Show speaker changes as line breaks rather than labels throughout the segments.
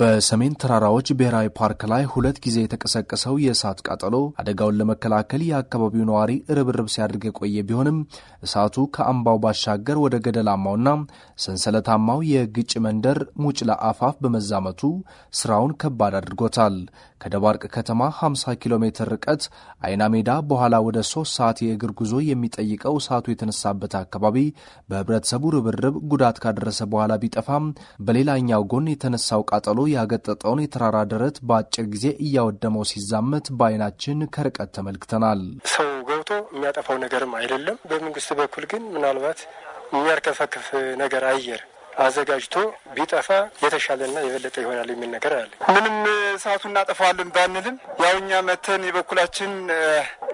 በሰሜን ተራራዎች ብሔራዊ ፓርክ ላይ ሁለት ጊዜ የተቀሰቀሰው የእሳት ቃጠሎ አደጋውን ለመከላከል የአካባቢው ነዋሪ ርብርብ ሲያደርግ የቆየ ቢሆንም እሳቱ ከአምባው ባሻገር ወደ ገደላማውና ሰንሰለታማው የግጭ መንደር ሙጭላ አፋፍ በመዛመቱ ስራውን ከባድ አድርጎታል። ከደባርቅ ከተማ 50 ኪሎ ሜትር ርቀት አይና ሜዳ በኋላ ወደ ሶስት ሰዓት የእግር ጉዞ የሚጠይቀው እሳቱ የተነሳበት አካባቢ በህብረተሰቡ ርብርብ ጉዳት ካደረሰ በኋላ ቢጠፋም በሌላኛው ጎን የተነሳው ቃጠሎ ቅጠሉ ያገጠጠውን የተራራ ደረት በአጭር ጊዜ እያወደመው ሲዛመት በአይናችን ከርቀት ተመልክተናል።
ሰው ገብቶ የሚያጠፋው ነገርም አይደለም። በመንግስት በኩል ግን ምናልባት የሚያርከፈክፍ ነገር አየር አዘጋጅቶ ቢጠፋ የተሻለና የበለጠ ይሆናል የሚል ነገር አለ። ምንም ሰዓቱ እናጠፋዋለን ባንልም ያው እኛ መተን የበኩላችን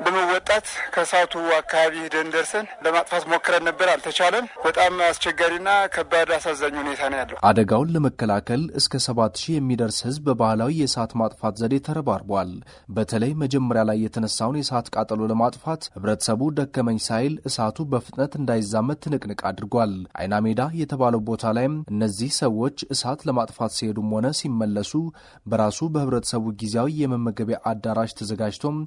ለመወጣት ከእሳቱ አካባቢ ሂደን ደርሰን ለማጥፋት ሞክረን ነበር፣ አልተቻለም። በጣም አስቸጋሪና ከባድ አሳዛኝ ሁኔታ ነው ያለው።
አደጋውን ለመከላከል እስከ ሰባት ሺህ የሚደርስ ህዝብ በባህላዊ የእሳት ማጥፋት ዘዴ ተረባርቧል። በተለይ መጀመሪያ ላይ የተነሳውን የእሳት ቃጠሎ ለማጥፋት ህብረተሰቡ ደከመኝ ሳይል እሳቱ በፍጥነት እንዳይዛመት ትንቅንቅ አድርጓል። አይና ሜዳ የተባለው ቦታ ላይም እነዚህ ሰዎች እሳት ለማጥፋት ሲሄዱም ሆነ ሲመለሱ በራሱ በህብረተሰቡ ጊዜያዊ የመመገቢያ አዳራሽ ተዘጋጅቶም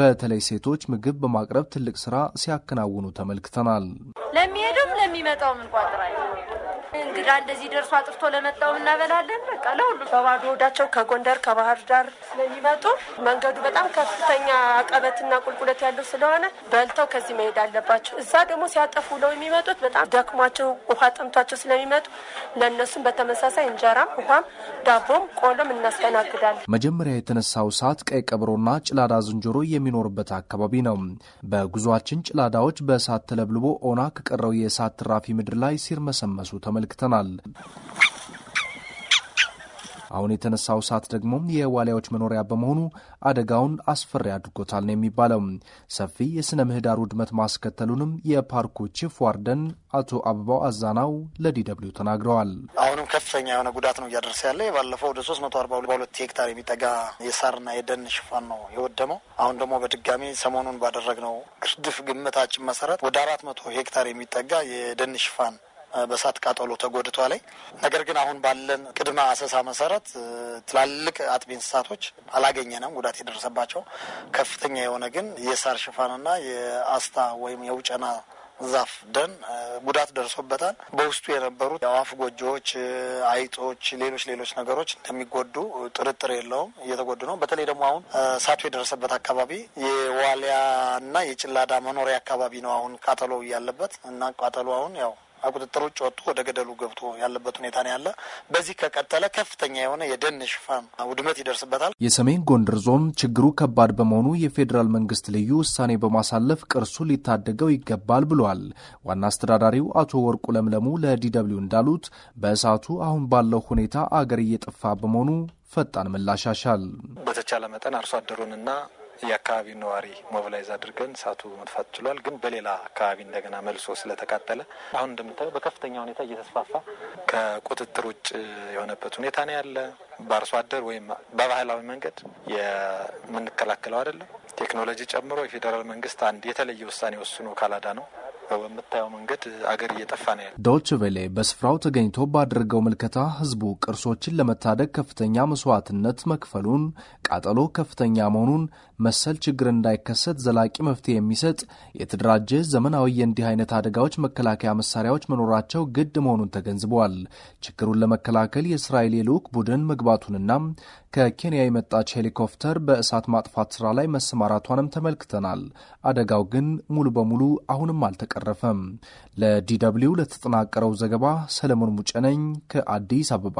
በተለይ ሴቶች ምግብ በማቅረብ ትልቅ ስራ ሲያከናውኑ ተመልክተናል። ለሚሄዱም
ለሚመጣውም እንቋጥራለን። እንግዳ እንደዚህ ደርሶ አጥርቶ ለመጣው እናበላለን። በቃ ለሁሉም
በባዶ ወዳቸው ከጎንደር ከባህር ዳር ስለሚመጡ መንገዱ በጣም ከፍተኛ አቀበትና ቁልቁለት ያለው ስለሆነ በልተው ከዚህ መሄድ አለባቸው። እዛ ደግሞ ሲያጠፉ ለው የሚመጡት በጣም ደክሟቸው ውሃ ጠምቷቸው ስለሚመጡ ለእነሱም በተመሳሳይ እንጀራም ውሃም ዳቦም ቆሎም እናስተናግዳለን። መጀመሪያ የተነሳው ሰዓት ቀይ ቀብሮና ጭላዳ ዝንጀሮ የሚኖርበት አካባቢ ነው። በጉዟችን ጭላዳዎች በእሳት ተለብልቦ ኦና ከቀረው የእሳት ትራፊ ምድር ላይ ሲርመሰመሱ ተመ አመልክተናል። አሁን የተነሳው እሳት ደግሞ የዋሊያዎች መኖሪያ በመሆኑ አደጋውን አስፈሪ አድርጎታል ነው የሚባለው። ሰፊ የሥነ ምህዳር ውድመት ማስከተሉንም የፓርኩ ቺፍ ዋርደን አቶ አበባው አዛናው ለዲደብሊው ተናግረዋል።
አሁንም ከፍተኛ የሆነ ጉዳት ነው እያደረሰ ያለ። ባለፈው ወደ ሶስት መቶ አርባ ሁለት ሄክታር የሚጠጋ የሳርና የደን ሽፋን ነው የወደመው። አሁን ደግሞ በድጋሚ ሰሞኑን ባደረግነው ግርድፍ ግምታችን መሰረት ወደ አራት መቶ ሄክታር የሚጠጋ የደን ሽፋን በእሳት ቃጠሎ ላይ ነገር ግን አሁን ባለን ቅድመ አሰሳ መሰረት ትላልቅ አጥቢ እንስሳቶች አላገኘንም ጉዳት የደረሰባቸው። ከፍተኛ የሆነ ግን የሳር ሽፋንና የአስታ ወይም የውጨና ዛፍ ደን ጉዳት ደርሶበታል። በውስጡ የነበሩት የአዋፍ ጎጆዎች፣ አይጦች፣ ሌሎች ሌሎች ነገሮች እንደሚጎዱ ጥርጥር የለውም። እየተጎዱ ነው። በተለይ ደግሞ አሁን እሳቱ የደረሰበት አካባቢ የዋሊያና የጭላዳ መኖሪያ አካባቢ ነው። አሁን ቃጠሎው ያለበት እና ቃጠሎ አሁን ያው ከቁጥጥር ውጭ ወጥቶ ወደ ገደሉ ገብቶ ያለበት ሁኔታ ነው ያለ። በዚህ ከቀጠለ ከፍተኛ የሆነ የደን ሽፋን ውድመት ይደርስበታል።
የሰሜን ጎንደር ዞን ችግሩ ከባድ በመሆኑ የፌዴራል መንግስት ልዩ ውሳኔ በማሳለፍ ቅርሱ ሊታደገው ይገባል ብሏል። ዋና አስተዳዳሪው አቶ ወርቁ ለምለሙ ለዲደብሊው እንዳሉት በእሳቱ አሁን ባለው ሁኔታ አገር እየጠፋ በመሆኑ ፈጣን ምላሽ ያሻል።
በተቻለ መጠን አርሶ አደሩንና የአካባቢ ነዋሪ ሞቢላይዝ አድርገን እሳቱ መጥፋት ችሏል። ግን በሌላ አካባቢ እንደገና መልሶ ስለተቃጠለ አሁን እንደምታየው በከፍተኛ ሁኔታ እየተስፋፋ ከቁጥጥር ውጭ የሆነበት ሁኔታ ነው ያለ። በአርሶ አደር ወይም በባህላዊ መንገድ የምንከላከለው አይደለም። ቴክኖሎጂ ጨምሮ የፌዴራል መንግስት አንድ የተለየ ውሳኔ ወስኖ ካላዳ ነው በምታየው መንገድ አገር እየጠፋ
ነው ያለ ዶች ቬሌ በስፍራው ተገኝቶ ባደረገው ምልከታ ህዝቡ ቅርሶችን ለመታደግ ከፍተኛ መስዋዕትነት መክፈሉን፣ ቃጠሎ ከፍተኛ መሆኑን፣ መሰል ችግር እንዳይከሰት ዘላቂ መፍትሄ የሚሰጥ የተደራጀ ዘመናዊ የእንዲህ አይነት አደጋዎች መከላከያ መሳሪያዎች መኖራቸው ግድ መሆኑን ተገንዝበዋል። ችግሩን ለመከላከል የእስራኤል የልዑክ ቡድን መግባቱንና ከኬንያ የመጣች ሄሊኮፕተር በእሳት ማጥፋት ስራ ላይ መሰማራቷንም ተመልክተናል። አደጋው ግን ሙሉ በሙሉ አሁንም አልተቀረ አልተቀረፈም። ለዲደብሊው ለተጠናቀረው ዘገባ ሰለሞን ሙጨነኝ ከአዲስ አበባ